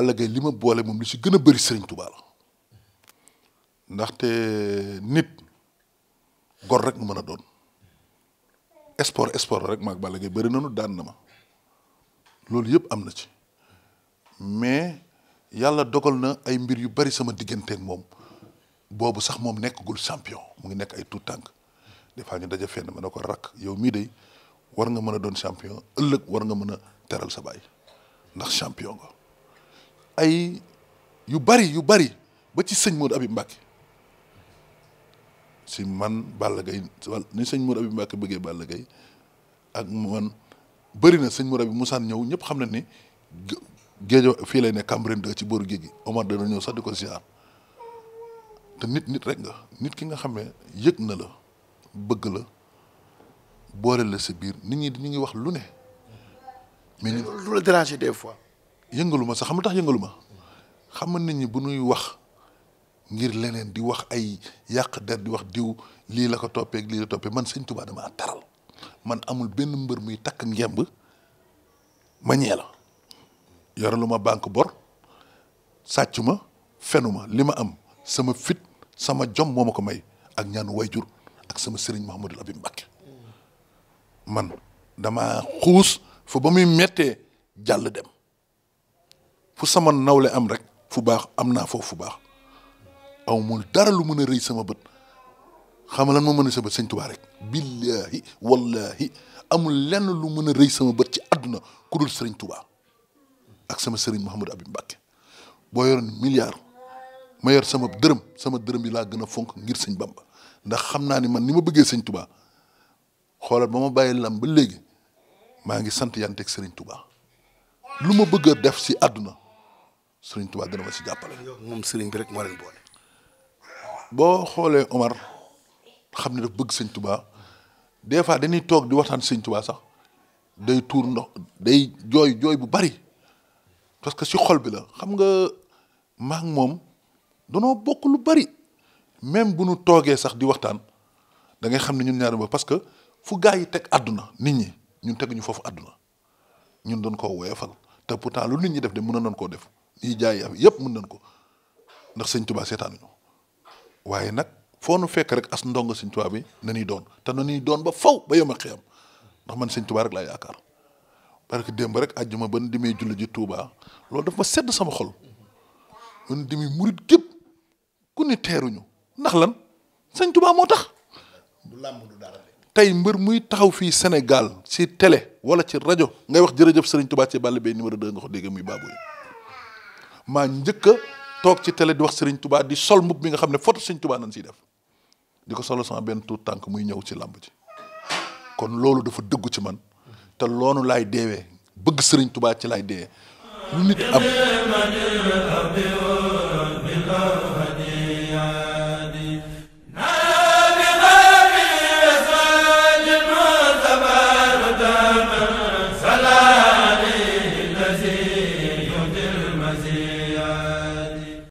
Balla Gaye li ma boole moom li si gën a bëri Serigne Touba ndaxte nit gor rek mu mën a doon sport sport rek maag Balla Gaye bëri nanu daan na ma loolu yëpp am na ci mais yàlla dogal na ay mbir yu bari sama digganteek moom boobu sax moom nekkagul champion mu ngi nekk ay tout tànk des fois ñu daje fenn ma ne ko rakk yow mii de war nga mën a doon champion ëllëg war nga mën a teral sa baay ndax champion nga ay yu bari yu bari ba ci sëñ Modou Habib Mbacké si man Balla Gaye ni sëñ Modou Habib Mbacké bëggee Balla Gaye ak man bëri na sëñ Modou Habib musaan ñëw ñëpp xam na ni géejo fii lay ne Cambérène ci booru géej gi Omar dana ñëw sax di ko ziar te nit nit rek nga nit ki nga xam ne yëg na la bëgg la boole la sa biir nit ñi ñu ngi wax lu ne. mais lu la fois. yëngaluma sax xam lu tax yëngaluma xam nañ ni bu nuy wax ngir leneen di wax ay yàq der di wax diw lii la ko lii la toppee man sëñ Tuubaa dama taral man amul benn mbër muy takk ngemb ma ñee la yoraluma bor sàccuma fenuma lima am sama fit sama jom moo ma ko may ak ñaanu wayjur ak sama sëriñ man dama xuus fa ba muy mettee dem fu sama nawle am rek fu baax am naa foofu fu baax aw mul dara lu mën a rëy sama bët xama lan ma mën a sa bët sëñ Tuubaa rek billahi wallahi amul lenn lu mën a rëy sama bët ci àdduna ku dul sëriñ Tuubaa ak sama sëriñ Mouhamadou Habib Mbacké boo yoroon milliard ma yor sama dërëm sama dërëm bi laa gën a fonk ngir sëñ Bamba ndax xam naa ni man ni ma bëggee sëñ Tuubaa xoolal ba ma bàyyi lam ba léegi maa ngi sant yanteeg sëriñ Tuubaa lu ma bëgg a def si àdduna serigne touba dana ma si jappale mom serigne bi rek mo len bolé bo xolé omar xamni ne bug bëgg serigne touba des fois dañuy tok di waxtan serigne touba sax day tour ndox day joy joy bu bari parce que ci xol bi la xam nga ak mom danoo bokku lu bari même bu nu togué sax di waxtan da ngay xamni ñun ñaar ba parce que fu gaay yi tek aduna nit ñi ñun teguñu fofu aduna ñun doon ko wéfal té pourtant lu nit ñi def de mëna non ko def ñiy jaay yëpp mën nañ ko ndax sëñ tubaa seetaan ñu waaye nag foo nu fekk rek as ndongo sëñ tubaa bi na doon te na ñuy doon ba faw ba yem a ndax man sëñ tubaa rek laa yaakaar parce que démb rek àjjuma ban dimee julli ji tuubaa loolu daf ma sedd sama xol ban dimi murit gépp ku ne teeruñu ndax lan sëñ tubaa moo tax du làmb du dara tey mbër muy taxaw fii Sénégal ci tele wala ci rajo ngay wax jërëjëf sëriñ tubaa ci bàll bee numéro 2 nga ko dégg muy baaboo yi maa njëkk a toog ci tele di wax sëriñ Touba di sol mbub mi nga xam ne photo Serigne Touba nañ siy def di ko solo sama benn tuut tànk muy ñëw ci làmb ji kon loolu dafa dëggu ci man te loonu lay deewee bëgg sëriñ Touba ci lay deewee lu nit am